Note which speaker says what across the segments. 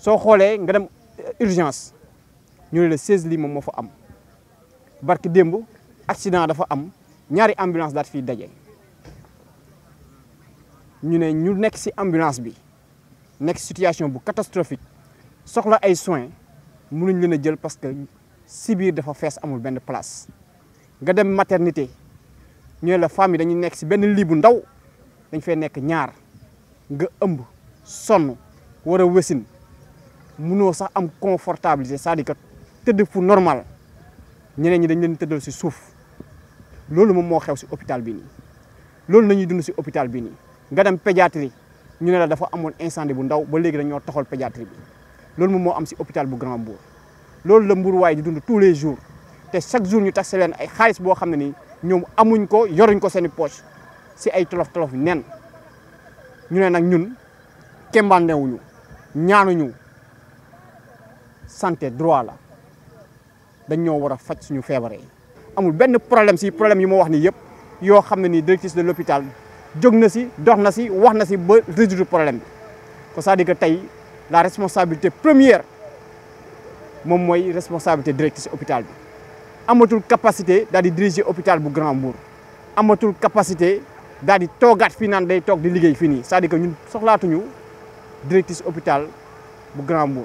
Speaker 1: Si y a une urgence nous le 16 lits. fa am barki accident dafa am ñaari ambulance Nous fi une ñu ñu ci ambulance bi nekk situation bu catastrophique soxla ay soins mënuñ leen a jël parce que si dafa fess amul benn place nga dem maternité ñu la femme yi ci bu ndaw ñaar nga ëmb a nous sax am confortable c'est-à-dire que fu normal ñeneen ni dañ leen pas ce loolu mo hôpital bi qui loolu la l'hôpital. dund hôpital bi pédiatrie la incendie bu ndaw ba pédiatrie bi Grand tous les jours Et chaque jour ñu taxe leen ay xaalis nous..! xam ne nii amuñ ko yoruñ ko avons santé droit là dañ ñoo wara fajj suñu feebar amul benn problème si problème yi mo wax ni yépp yo xamné ni directrice de l'hôpital jóg na si dox na si wax na si ba résoudre problème bi ko cest à que tay la responsabilité première mom moy responsabilité directrice hôpital bi amatul capacité d'aller di diriger hôpital bu Grand Mbour amatul capacité d'aller di toogaat fii naan day tok di liguey fini ça dit à que ñun soxlaatuñu directrice hôpital bu Grand Mbour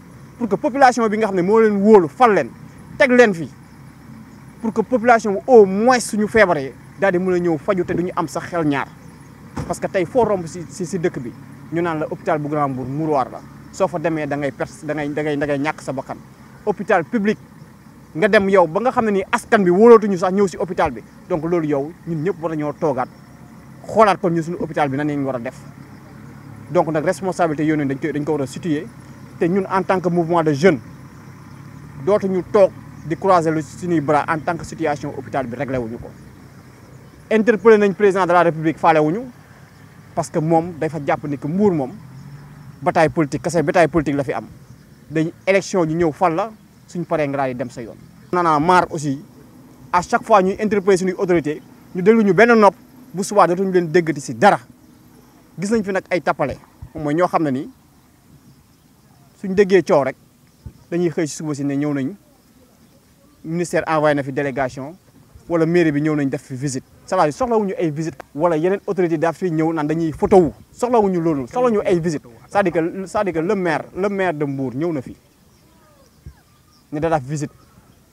Speaker 1: pour que population bi nga xam ne moo leen wóolu fal leen teg leen fii pour que population bi au moins suñu feebaree daal di mën a ñëw faju te duñu am sax xel ñaar parce que tey foo romb si si si dëkk bi ñu naan la hôpital bu Grand Mbour mouroir la soo fa demee da ngay perte da ngay da ngay da ñàkk sa bakkan hôpital public nga dem yow ba nga xam ne nii askan bi wóolootuñu sax ñëw si hôpital bi donc loolu yow ñun ñëpp war a nañoo toogaat xoolaat kon ñu suñu hôpital bi nan la ñu war a def donc nag responsabilité yooyu dañ ko dañ ko war a en tant que mouvement de jeunes nous toog de croiser le bras en tant que situation hôpital bi réglé président de la république parce que nous avons bataille politique bataille politique la fi am élection ñu aussi à chaque fois nous interpellons une autorité nous devons ñu benn nopp bu Nous avons leen Nous fait suñ déggee coow rek dañuy xëy si suba si ne ñëw nañ ministère envoyé na fi délégation wala mairie bi ñëw nañ def fi visite ça à dire soxlawuñu ay visite wala yeneen autorité daf fi ñëw naan dañuy photo wu soxlawuñu loolu soxlawuñu ay visite c'est-à-dire que c'est-à-dire que le maire le maire de Mbour ñëw na fi ne da daf visite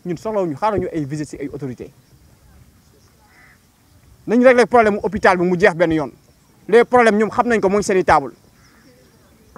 Speaker 1: ñun soxlawuñu xaaruñu ay visite si ay autorité nañ régler problème hôpital bi mu jeex benn yoon les problèmes ñoom xam nañ ko mooy seen i table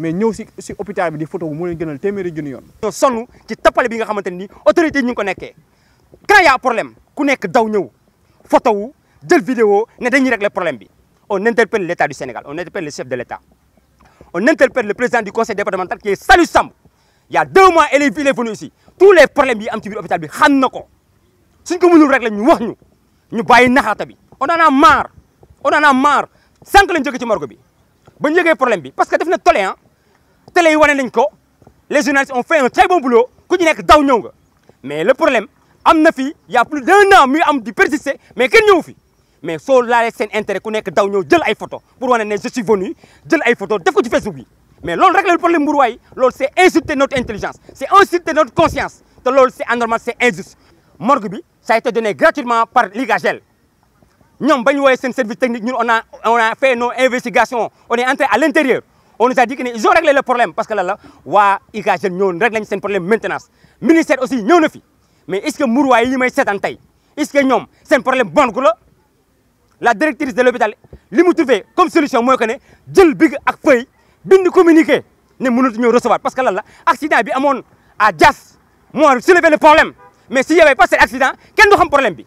Speaker 1: mais nous si si hôpital bi di photo nous leen gënal Donc, junni yoon. sonu ci
Speaker 2: tapalé bi nga xamanteni autorité ñu ko quand y a problème ku nekk daw ñeu photo wu jël vidéo né dañuy régler problème bi on interpelle l'État du Sénégal on interpelle le chef de l'État, on interpelle le président du conseil départemental qui est Salou il y a deux mois il est venu ici tous les problèmes yi am ci bi hôpital bi xam nako suñ ko mënul régler ñu wax ñu ñu bayyi bi on en a marre on en a marre Sans lañ nous ci morgue bi bañ yégué problème bi parce que def na tolé hein télé ko les journalistes ont fait un très bon boulot ku ñu nekk daw ñëw nga mais le problème il il y' a plus d'un un an muy am di persister mais kenn ñëw fi mais soo laalee seen intérêt ku nekk daw ñëw jël ay photo pour wane je suis venu jël ay photo def ko ci Facebook bi mais loolu rek le problème Mbour waay c'est insulter notre intelligence c'est insulter notre conscience te lors c'est anormal c'est injuste morgue ça a été donné gratuitement par Ligagel Nous ba service technique on a on a fait nos investigations on est entré à l'intérieur on nous a dit qu'ils ont réglé le problème parce que là là, waa ICA Jeunes réglé Le problème maintenance ministère aussi ñëw na fait. mais est ce que muruwaay yi may cette est ce que c'est un problème bon la directrice de l'hôpital li a trouvé comme solution je connais, ne jël big ak feuille bind communiqué ne mënut ñëw recevoir parce que là là, accident bi à à Diass a soulevé le problème mais s'il n'y avait pas cet accident quel est le problème bi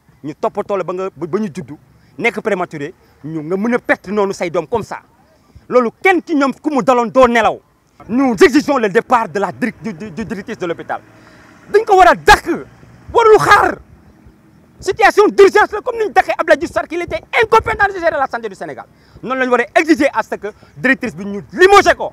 Speaker 2: ñu toppatoo la ba nga ba ñu juddu nekk prématuré ñu nga mëna a perte noonu say dom comme ça lolu kenn ci ñom ku mu daloon nelaw. nous exigeons le départ de la du directrice de l'hôpital dañ ko wara dakk dàq warul xaar situation d'urgence comme niñ taxé abdou Abdoulaye Diouf Sarr était incompétent de gérer la santé du Sénégal non la wara exiger à ce que directrice bi ñu limogé ko.